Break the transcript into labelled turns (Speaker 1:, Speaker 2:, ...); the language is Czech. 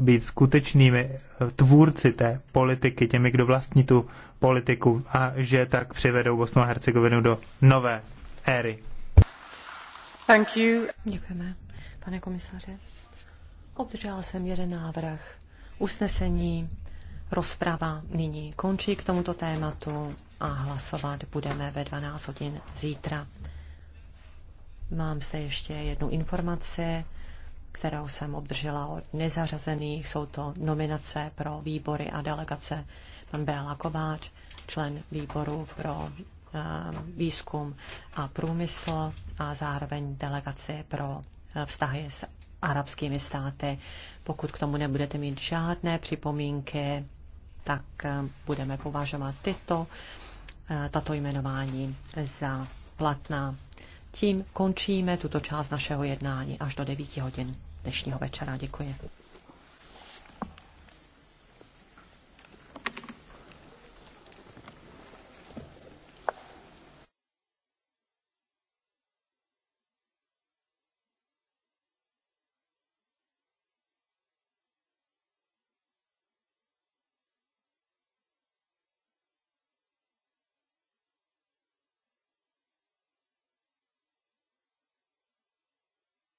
Speaker 1: být skutečnými tvůrci té politiky, těmi, kdo vlastní tu politiku a že tak přivedou Bosnu a Hercegovinu do nové éry.
Speaker 2: Thank you. Děkujeme, pane komisaře. Obdržela jsem jeden návrh. Usnesení rozprava nyní končí k tomuto tématu a hlasovat budeme ve 12 hodin zítra. Mám zde ještě jednu informaci kterou jsem obdržela od nezařazených. Jsou to nominace pro výbory a delegace. Pan Béla Kováč, člen výboru pro eh, výzkum a průmysl a zároveň delegace pro eh, vztahy s arabskými státy. Pokud k tomu nebudete mít žádné připomínky, tak eh, budeme považovat tyto, tato jmenování za platná. Tím končíme tuto část našeho jednání až do 9 hodin dnešního večera. Děkuji.